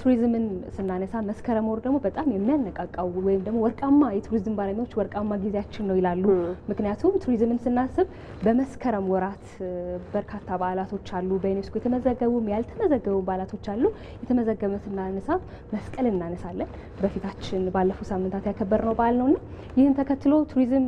ቱሪዝምን ስናነሳ መስከረም ወር ደግሞ በጣም የሚያነቃቃው ወይም ደግሞ ወርቃማ የቱሪዝም ባለሙያዎች ወርቃማ ጊዜያችን ነው ይላሉ። ምክንያቱም ቱሪዝምን ስናስብ በመስከረም ወራት በርካታ በዓላቶች አሉ። በዩኔስኮ የተመዘገቡም ያልተመዘገቡ በዓላቶች አሉ። የተመዘገበ ስናነሳ መስቀል እናነሳለን። በፊታችን ባለፉት ሳምንታት ያከበርነው በዓል ነውና ይህን ተከትሎ ቱሪዝም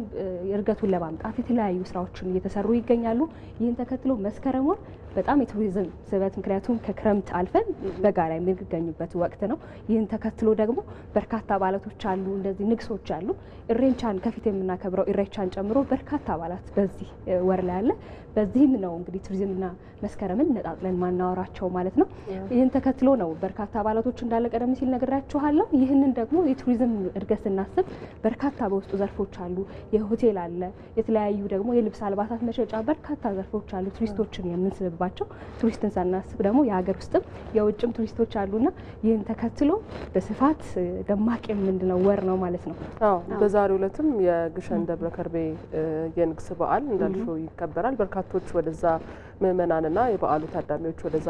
እርገቱን ለማምጣት የተለያዩ ስራዎችን እየተሰሩ ይገኛሉ። ይህን ተከትሎ መስከረም ወር በጣም የቱሪዝም ስበት ምክንያቱም ከክረምት አልፈን በጋ ላይ የምንገኙበት ያለበት ወቅት ነው። ይህን ተከትሎ ደግሞ በርካታ አባላቶች አሉ፣ እንደዚህ ንግሶች አሉ። ኢሬቻን ከፊት የምናከብረው ኢሬቻን ጨምሮ በርካታ አባላት በዚህ ወር ላይ አለ። በዚህም ነው እንግዲህ ቱሪዝምና መስከረምን ነጣጥለን ማናወራቸው ማለት ነው። ይህን ተከትሎ ነው በርካታ አባላቶች እንዳለ ቀደም ሲል ነግራችኋለሁ። ይህንን ደግሞ የቱሪዝም እድገት ስናስብ በርካታ በውስጡ ዘርፎች አሉ። የሆቴል አለ፣ የተለያዩ ደግሞ የልብስ አልባሳት መሸጫ፣ በርካታ ዘርፎች አሉ ቱሪስቶችን የምንስብባቸው። ቱሪስትን ሳናስብ ደግሞ የሀገር ውስጥም የውጭም ቱሪስቶች አሉና ይህን ተከትሎ በስፋት ደማቅ የምንለው ወር ነው ማለት ነው። በዛሬው ዕለትም የግሸን ደብረ ከርቤ የንግስ በዓል እንዳልሽው ይከበራል። በርካቶች ወደዛ ምእመናንና የበዓሉ ታዳሚዎች ወደዛ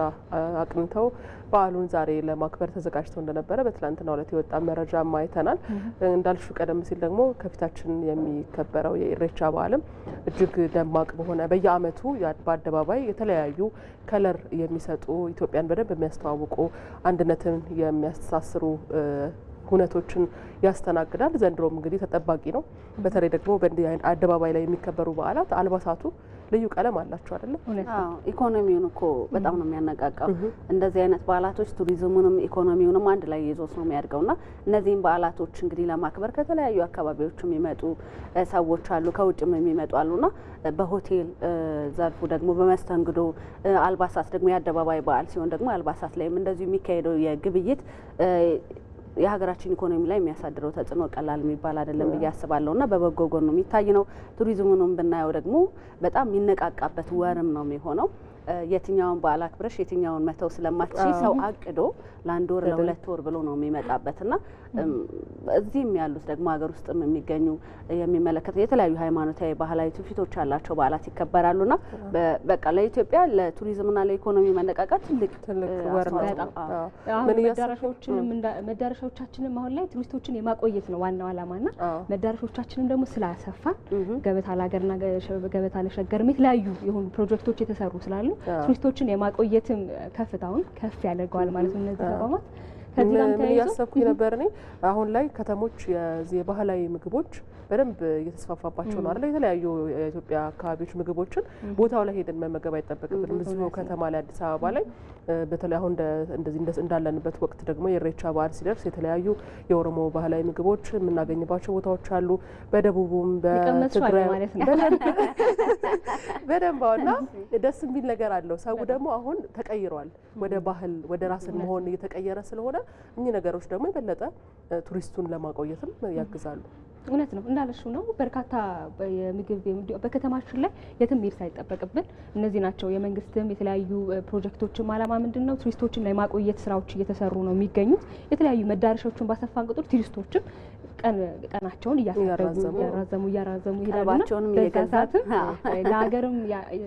አቅንተው በዓሉን ዛሬ ለማክበር ተዘጋጅተው እንደነበረ በትላንትና ዕለት የወጣ መረጃ አይተናል። እንዳልሹ ቀደም ሲል ደግሞ ከፊታችን የሚከበረው የኢሬቻ በዓልም እጅግ ደማቅ በሆነ በየዓመቱ በአደባባይ የተለያዩ ከለር የሚሰጡ ኢትዮጵያን በደንብ የሚያስተዋውቁ አንድነትን የሚያስተሳስሩ ሁነቶችን ያስተናግዳል። ዘንድሮም እንግዲህ ተጠባቂ ነው። በተለይ ደግሞ በእንዲህ አይነት አደባባይ ላይ የሚከበሩ በዓላት አልባሳቱ ልዩ ቀለም አላቸው አይደለም። ኢኮኖሚውን እኮ በጣም ነው የሚያነቃቃው። እንደዚህ አይነት በዓላቶች ቱሪዝሙንም ኢኮኖሚውንም አንድ ላይ ይዞት ነው ና እነዚህም በዓላቶች እንግዲህ ለማክበር ከተለያዩ አካባቢዎች የሚመጡ ሰዎች አሉ፣ ከውጭም የሚመጡ አሉና በሆቴል ዘርፉ ደግሞ በመስተንግዶ አልባሳት ደግሞ የአደባባይ በዓል ሲሆን ደግሞ አልባሳት ላይም እንደዚሁ የሚካሄደው የግብይት የሀገራችን ኢኮኖሚ ላይ የሚያሳድረው ተጽዕኖ ቀላል የሚባል አይደለም ብዬ አስባለሁ እና በበጎ ጎኑ የሚታይ ነው። ቱሪዝሙንም ብናየው ደግሞ በጣም የሚነቃቃበት ወርም ነው የሚሆነው። የትኛውን በዓል አክብረሽ የትኛውን መተው ስለማትችል ሰው አቅዶ ለአንድ ወር ለሁለት ወር ብሎ ነው የሚመጣበት ና እዚህም ያሉት ደግሞ ሀገር ውስጥም የሚገኙ የሚመለከት የተለያዩ ሃይማኖታዊ፣ ባህላዊ ትውፊቶች ያላቸው በዓላት ይከበራሉና በቃ ለኢትዮጵያ ለቱሪዝምና ለኢኮኖሚ መነቃቃት ትልቅ መዳረሻዎቻችንም አሁን ላይ ቱሪስቶችን የማቆየት ነው ዋናው ና መዳረሻዎቻችንም ደግሞ ስላሰፋን ገበታ ና ገበታ ለሸገርም የተለያዩ የሆኑ ፕሮጀክቶች የተሰሩ ስላሉ ነው። ቱሪስቶችን የማቆየትም ከፍታውን ከፍ ያደርገዋል ማለት ነው እነዚህ ተቋማት። ከዚህ ጋር ተያይዞ ያሰብኩኝ ነበር እኔ አሁን ላይ ከተሞች የባህላዊ ምግቦች በደንብ እየተስፋፋባቸው ነው አለ የተለያዩ የኢትዮጵያ አካባቢዎች ምግቦችን ቦታው ላይ ሄደን መመገብ አይጠበቅብንም። እዚሁ ከተማ ላይ አዲስ አበባ ላይ በተለይ አሁን እንደዚህ እንዳለንበት ወቅት ደግሞ የኢሬቻ በዓል ሲደርስ የተለያዩ የኦሮሞ ባህላዊ ምግቦች የምናገኝባቸው ቦታዎች አሉ። በደቡቡም በትግራይ በደንብ እና ደስ የሚል ነገር አለው። ሰው ደግሞ አሁን ተቀይሯል። ወደ ባህል ወደ ራስን መሆን እየተቀየረ ስለሆነ እኚህ ነገሮች ደግሞ የበለጠ ቱሪስቱን ለማቆየትም ያግዛሉ። እውነት ነው እንዳለሽው ነው። በርካታ የምግብ በከተማችን ላይ የትም መሄድ ሳይጠበቅብን እነዚህ ናቸው። የመንግስትም የተለያዩ ፕሮጀክቶችም አላማ ምንድን ነው? ቱሪስቶችን ላይ ማቆየት ስራዎች እየተሰሩ ነው የሚገኙት። የተለያዩ መዳረሻዎችን ባሰፋን ቁጥር ቱሪስቶችም ቀናቸውን እያራዘሙ እያራዘሙ ይሄዳሉና በዛ ሰዓትም ለሀገርም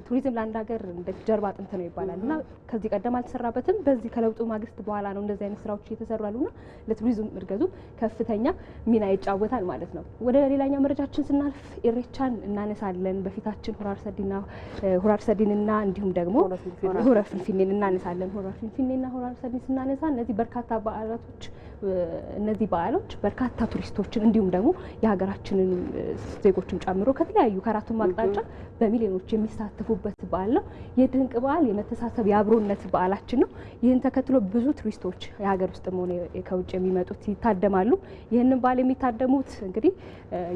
ቱሪዝም ለአንድ ሀገር ጀርባ አጥንት ነው ይባላል እና ከዚህ ቀደም አልተሰራበትም። በዚህ ከለውጡ ማግስት በኋላ ነው እንደዚህ አይነት ስራዎች እየተሰሩ ያሉና ለቱሪዝም እድገቱ ከፍተኛ ሚና ይጫወታል ማለት ነው። ወደ ሌላኛው መረጃችን ስናልፍ ኢሬቻን እናነሳለን። በፊታችን ሁራር ሰዲንና እንዲሁም ደግሞ ሆረ ፊንፊኔን እናነሳለን። ሆረ ፊንፊኔና ሆራር ሰዲን ስናነሳ እነዚህ በርካታ በዓላቶች እነዚህ በዓሎች በርካታ ቱሪስቶችን እንዲሁም ደግሞ የሀገራችንን ዜጎችን ጨምሮ ከተለያዩ ከአራቱም አቅጣጫ በሚሊዮኖች የሚሳተፉበት በዓል ነው። የድንቅ በዓል የመተሳሰብ የአብሮነት በዓላችን ነው። ይህን ተከትሎ ብዙ ቱሪስቶች የሀገር ውስጥም ሆነ ከውጭ የሚመጡት ይታደማሉ። ይህንን በዓል የሚታደሙት እንግዲህ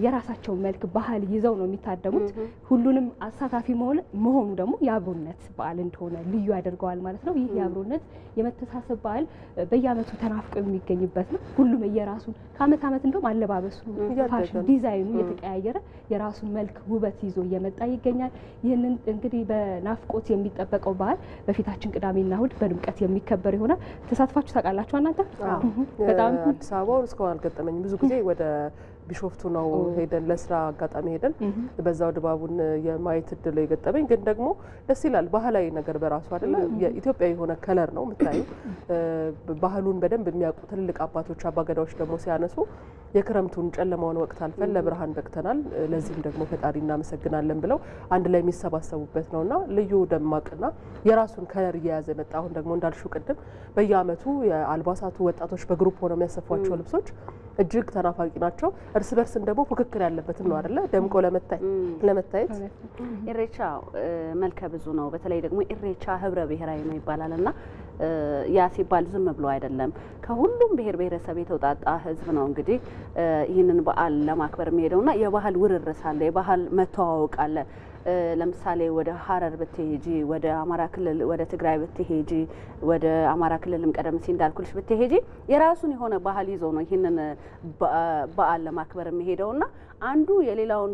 የራሳቸውን መልክ ባህል ይዘው ነው የሚታደሙት። ሁሉንም አሳታፊ መሆኑ ደግሞ የአብሮነት በዓል እንደሆነ ልዩ ያደርገዋል ማለት ነው። ይህ የአብሮነት የመተሳሰብ በዓል በየዓመቱ ተናፍቆ የሚገኝበት እየተማሩበት ነው። ሁሉም እየራሱን ከአመት አመት እንደውም አለባበሱ ፋሽን ዲዛይኑ እየተቀያየረ የራሱን መልክ ውበት ይዞ እየመጣ ይገኛል። ይህንን እንግዲህ በናፍቆት የሚጠበቀው በዓል በፊታችን ቅዳሜና እሁድ በድምቀት የሚከበር ይሆናል። ተሳትፋችሁ ታውቃላችሁ እናንተ? በጣም አዲስ አበባ እስካሁን አልገጠመኝም። ብዙ ጊዜ ወደ ቢሾፍቱ ነው ሄደን ለስራ አጋጣሚ ሄደን በዛው ድባቡን የማየት እድል የገጠመኝ። ግን ደግሞ ደስ ይላል ባህላዊ ነገር በራሱ አይደለ የኢትዮጵያ የሆነ ከለር ነው የምታዩ። ባህሉን በደንብ የሚያውቁ ትልልቅ አባቶች አባገዳዎች ደግሞ ሲያነሱ የክረምቱን ጨለማውን ወቅት አልፈን ለብርሃን በቅተናል፣ ለዚህም ደግሞ ፈጣሪ እናመሰግናለን ብለው አንድ ላይ የሚሰባሰቡበት ነውና ልዩ ደማቅና የራሱን ከለር እየያዘ መጣ። አሁን ደግሞ እንዳልሹ ቅድም በየአመቱ የአልባሳቱ ወጣቶች በግሩፕ ሆነው የሚያሰፏቸው ልብሶች እጅግ ተናፋቂ ናቸው። እርስ በርስም ደግሞ ፉክክር ያለበትም ነው አይደለ? ደምቆ ለመታየት ኢሬቻ መልከ ብዙ ነው። በተለይ ደግሞ ኢሬቻ ህብረ ብሔራዊ ነው ይባላል እና ያ ሲባል ዝም ብሎ አይደለም። ከሁሉም ብሔር ብሔረሰብ የተውጣጣ ህዝብ ነው እንግዲህ ይህንን በዓል ለማክበር የሚሄደውና የባህል ውርርስ አለ፣ የባህል መተዋወቅ አለ ለምሳሌ ወደ ሀረር ብትሄጂ፣ ወደ አማራ ክልል ወደ ትግራይ ብትሄጂ፣ ወደ አማራ ክልልም ቀደም ሲል እንዳልኩልሽ ብትሄጂ የራሱን የሆነ ባህል ይዞ ነው ይህንን በዓል ለማክበር የሚሄደው ና አንዱ የሌላውን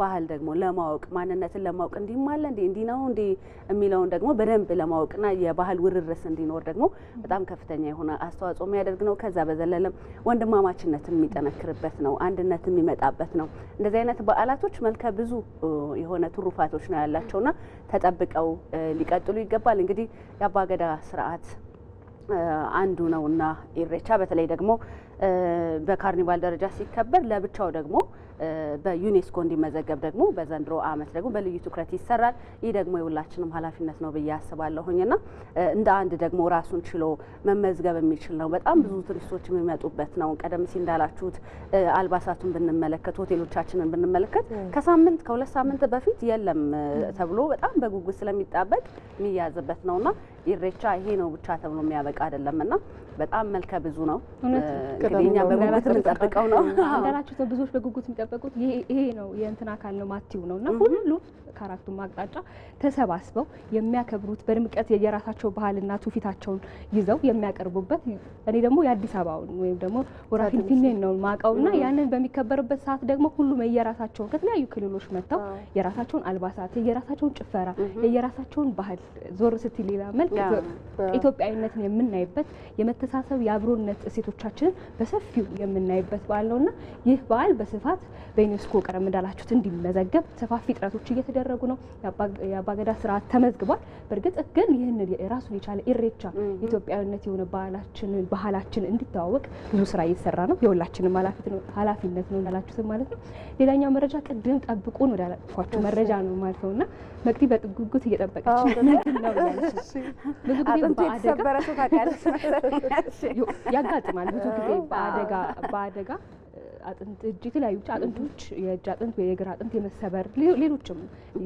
ባህል ደግሞ ለማወቅ ማንነትን ለማወቅ እንዲማለ እንዲ እንዲህ ነው የሚለውን ደግሞ በደንብ ለማወቅና የባህል ውርርስ እንዲኖር ደግሞ በጣም ከፍተኛ የሆነ አስተዋጽኦ የሚያደርግ ነው። ከዛ በዘለለም ወንድማማችነት የሚጠነክርበት ነው። አንድነት የሚመጣበት ነው። እንደዚህ አይነት በዓላቶች መልከ ብዙ የሆነ ትሩፋቶች ነው ያላቸውና ተጠብቀው ሊቀጥሉ ይገባል። እንግዲህ የአባገዳ ስርዓት አንዱ እና ኢሬቻ በተለይ ደግሞ በካርኒቫል ደረጃ ሲከበር ለብቻው ደግሞ በዩኔስኮ እንዲመዘገብ ደግሞ በዘንድሮ ዓመት ደግሞ በልዩ ትኩረት ይሰራል። ይህ ደግሞ የሁላችንም ኃላፊነት ነው ብዬ አስባለሁኝና እንደ አንድ ደግሞ ራሱን ችሎ መመዝገብ የሚችል ነው። በጣም ብዙ ቱሪስቶች የሚመጡበት ነው። ቀደም ሲል እንዳላችሁት አልባሳቱን ብንመለከት፣ ሆቴሎቻችንን ብንመለከት ከሳምንት ከሁለት ሳምንት በፊት የለም ተብሎ በጣም በጉጉት ስለሚጣበቅ የሚያዝበት ና ኢሬቻ ይሄ ነው ብቻ ተብሎ የሚያበቃ አይደለም። አልነበረም እና በጣም መልከ ብዙ ነው። እንግዲህ እኛ በጉጉት የምንጠብቀው ነው። እንዳላችሁት ነው ብዙዎች በጉጉት የሚጠበቁት ይሄ ነው። የእንትን አካል ነው ማቲው ነው እና ሁሉም ከአራቱም አቅጣጫ ተሰባስበው የሚያከብሩት በድምቀት የየራሳቸው ባህልና ትውፊታቸውን ይዘው የሚያቀርቡበት እኔ ደግሞ የአዲስ አበባውን ወይም ደግሞ ወራ ፊንፊኔን ነው ማቀውና ያንን በሚከበርበት ሰዓት ደግሞ ሁሉም የየራሳቸውን ከተለያዩ ክልሎች መጥተው የራሳቸውን አልባሳት፣ የየራሳቸውን ጭፈራ፣ የየራሳቸውን ባህል ዞር ስትል ሌላ መልክ ኢትዮጵያዊነትን የምናይበት የመተሳሰብ የአብሮነት እሴቶቻችንን በሰፊው የምናይበት በዓል ነውና ይህ በዓል በስፋት በዩኔስኮ ቀደም እንዳላችሁት እንዲመዘገብ ሰፋፊ ጥረቶች እየተደረጉ ነው። የአባገዳ ስርዓት ተመዝግቧል። በእርግጥ ግን ይህንን የራሱን የቻለ ኢሬቻ ኢትዮጵያዊነት የሆነ ባህላችን እንዲተዋወቅ ብዙ ስራ እየተሰራ ነው። የሁላችንም ኃላፊነት ነው እንዳላችሁትም ማለት ነው። ሌላኛው መረጃ ቅድም ጠብቁን ወዳላችኋቸው መረጃ ነው ማለት ነውና መቅዲ በጉጉት እየጠበቀች ነው ብዙ ጊዜ በአደጋ ያጋጥማል ብዙ ጊዜ በአደጋ በአደጋ አጥንት እጅ የተለያዩ አጥንቶች የእጅ አጥንት ወይ የእግር አጥንት የመሰበር ሌሎችም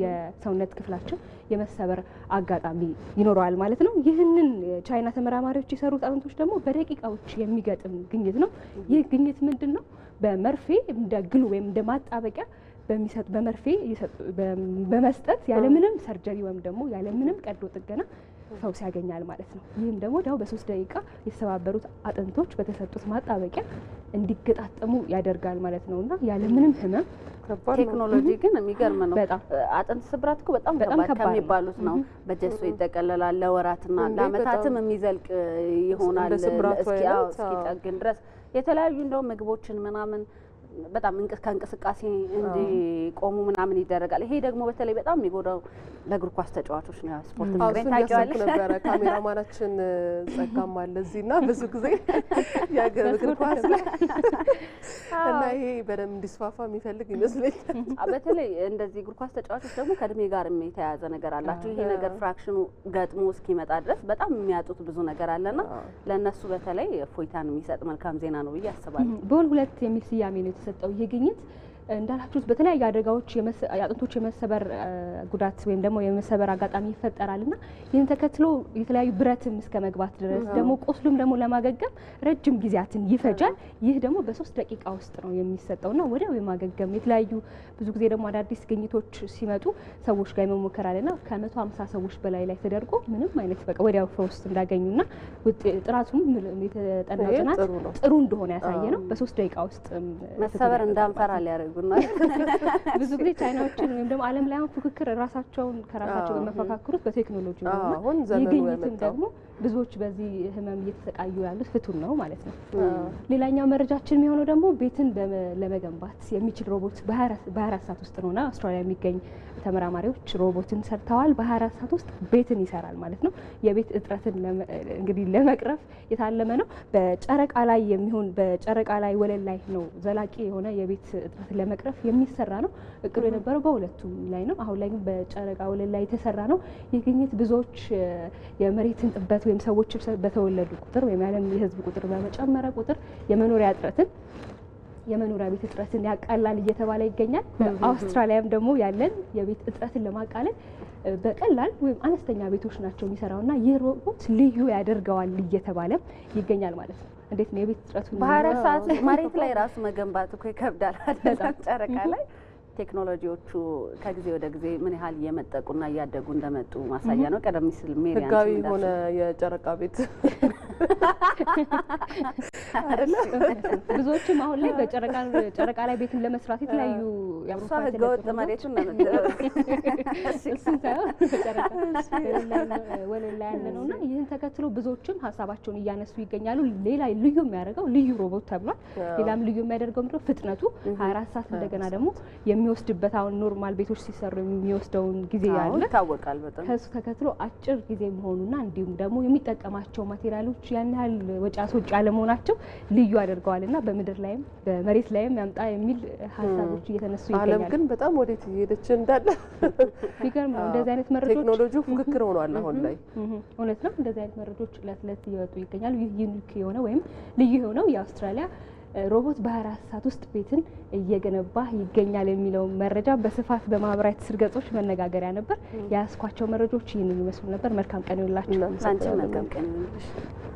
የሰውነት ክፍላችን የመሰበር አጋጣሚ ይኖረዋል ማለት ነው። ይህንን የቻይና ተመራማሪዎች የሰሩት አጥንቶች ደግሞ በደቂቃዎች የሚገጥም ግኝት ነው። ይህ ግኝት ምንድን ነው? በመርፌ እንደ ግሉ ወይም እንደ ማጣበቂያ በሚሰጥ በመርፌ በመስጠት ያለምንም ሰርጀሪ ወይም ደግሞ ያለምንም ቀዶ ጥገና ፈውስ ያገኛል ማለት ነው። ይህም ደግሞ ዳው በሶስት ደቂቃ የተሰባበሩት አጥንቶች በተሰጡት ማጣበቂያ እንዲገጣጠሙ ያደርጋል ማለት ነው እና ያለምንም ህመም ቴክኖሎጂ ግን የሚገርም ነው። አጥንት ስብራት እኮ በጣም ከባድ ከሚባሉት ነው። በጀሶ ይጠቀለላል። ለወራትና ለአመታትም የሚዘልቅ ይሆናል እስኪጠግን ድረስ የተለያዩ እንደው ምግቦችን ምናምን በጣም ከእንቅስቃሴ እንዲቆሙ ምናምን ይደረጋል። ይሄ ደግሞ በተለይ በጣም የሚጎዳው ለእግር ኳስ ተጫዋቾች ነው። ስፖርት ምክሬን ታውቂዋለሽ ነበረ ካሜራማናችን ጸጋም አለ እዚህ እና ብዙ ጊዜ የእግር ኳስ ላይ እና ይሄ በደንብ እንዲስፋፋ የሚፈልግ ይመስለኛል። በተለይ እንደዚህ እግር ኳስ ተጫዋቾች ደግሞ ከእድሜ ጋር የተያያዘ ነገር አላቸው። ይሄ ነገር ፍራክሽኑ ገጥሞ እስኪመጣ ድረስ በጣም የሚያጡት ብዙ ነገር አለና ለእነሱ በተለይ እፎይታን የሚሰጥ መልካም ዜና ነው ብዬ አስባለሁ። በወል ሁለት የሚል ስያሜ ነው የተሰጠው ይህ ግኝት እንዳላችሁት በተለያዩ አደጋዎች የአጥንቶች የመሰበር ጉዳት ወይም ደግሞ የመሰበር አጋጣሚ ይፈጠራል እና ይህን ተከትሎ የተለያዩ ብረትም እስከ መግባት ድረስ ደግሞ ቁስሉም ደግሞ ለማገገም ረጅም ጊዜያትን ይፈጃል። ይህ ደግሞ በሶስት ደቂቃ ውስጥ ነው የሚሰጠው እና ወዲያው የማገገም የተለያዩ ብዙ ጊዜ ደግሞ አዳዲስ ግኝቶች ሲመጡ ሰዎች ጋር የመሞከር አለና ከመቶ ሀምሳ ሰዎች በላይ ላይ ተደርጎ ምንም አይነት በቃ ወዲያው ፈውስ እንዳገኙና ጥራቱም የተጠና ጥናት ጥሩ እንደሆነ ያሳየ ነው። በሶስት ደቂቃ ውስጥ መሰበር እንዳንፈራ ሊያደርጉ የሚያደርጉና ብዙ ጊዜ ቻይናዎችን ወይም ደግሞ ዓለም ላይ ፉክክር ራሳቸውን ከራሳቸው በመፈካክሩት በቴክኖሎጂ አሁን የግኝትን ደግሞ ብዙዎች በዚህ ህመም እየተሰቃዩ ያሉት ፍቱን ነው ማለት ነው። ሌላኛው መረጃችን የሚሆነው ደግሞ ቤትን ለመገንባት የሚችል ሮቦት በ24 ሰዓት ውስጥ ነውና አውስትራሊያ የሚገኝ ተመራማሪዎች ሮቦትን ሰርተዋል። በ24 ሰዓት ውስጥ ቤትን ይሰራል ማለት ነው። የቤት እጥረትን እንግዲህ ለመቅረፍ የታለመ ነው። በጨረቃ ላይ የሚሆን በጨረቃ ላይ ወለል ላይ ነው ዘላቂ የሆነ የቤት እጥረትን ለመቅረፍ የሚሰራ ነው። እቅዱ የነበረው በሁለቱም ላይ ነው። አሁን ላይ ግን በጨረቃ ወለል ላይ የተሰራ ነው። ይህ ግኝት ብዙዎች የመሬትን ጥበት ወይም ሰዎች በተወለዱ ቁጥር ወይም የዓለም የህዝብ ቁጥር በመጨመረ ቁጥር የመኖሪያ እጥረትን የመኖሪያ ቤት እጥረትን ያቃላል እየተባለ ይገኛል። አውስትራሊያም ደግሞ ያለን የቤት እጥረትን ለማቃለል በቀላል ወይም አነስተኛ ቤቶች ናቸው የሚሰራውና ይህ ሮቦት ልዩ ያደርገዋል እየተባለ ይገኛል ማለት ነው። እንዴት ነው የቤት እጥረቱ? በሀያ አራት ሰዓት መሬት ላይ ራሱ መገንባት እኮ ይከብዳል። ጨረቃ ላይ ቴክኖሎጂዎቹ ከጊዜ ወደ ጊዜ ምን ያህል እየመጠቁና እያደጉ እንደመጡ ማሳያ ነው። ቀደም ሲል ሜሪያን ህጋዊ የሆነ የጨረቃ ቤት ብዙዎችም አሁን ላይ በጨረቃ ላይ ቤትን ለመስራት የተለያዩ ህገወጥ መሬቱን ወለል ላይ ያለ ነው እና ይህን ተከትሎ ብዙዎችም ሀሳባቸውን እያነሱ ይገኛሉ። ሌላ ልዩ የሚያደርገው ልዩ ሮቦት ተብሏል። ሌላም ልዩ የሚያደርገው ምንድነው ፍጥነቱ ሀያ አራት ሰዓት እንደገና ደግሞ የሚወስድበት አሁን ኖርማል ቤቶች ሲሰሩ የሚወስደውን ጊዜ ያለ ይታወቃል። በጣም ከሱ ተከትሎ አጭር ጊዜ መሆኑና እንዲሁም ደግሞ የሚጠቀማቸው ማቴሪያሎች ሰዎች ያን ያህል ወጪ አስወጪ አለመሆናቸው ልዩ አድርገዋል እና በምድር ላይም በመሬት ላይም ያምጣ የሚል ሀሳቦች እየተነሱ ይገኛል። ዓለም ግን በጣም ወዴት እየሄደች እንዳለ ቢገርም ነው። እንደዚህ አይነት መረጃ ቴክኖሎጂው ፍክክር ሆኗል አሁን ላይ እውነት ነው። እንደዚህ አይነት መረጃዎች ዕለት ዕለት እየወጡ ይገኛሉ። ይህ ዩኒክ የሆነ ወይም ልዩ የሆነው የአውስትራሊያ ሮቦት በ24 ሰዓት ውስጥ ቤትን እየገነባ ይገኛል የሚለው መረጃ በስፋት በማህበራዊ ትስስር ገጾች መነጋገሪያ ነበር። የያዝኳቸው መረጃዎች ይህንን ይመስሉ ነበር። መልካም ቀን ይውላችሁ።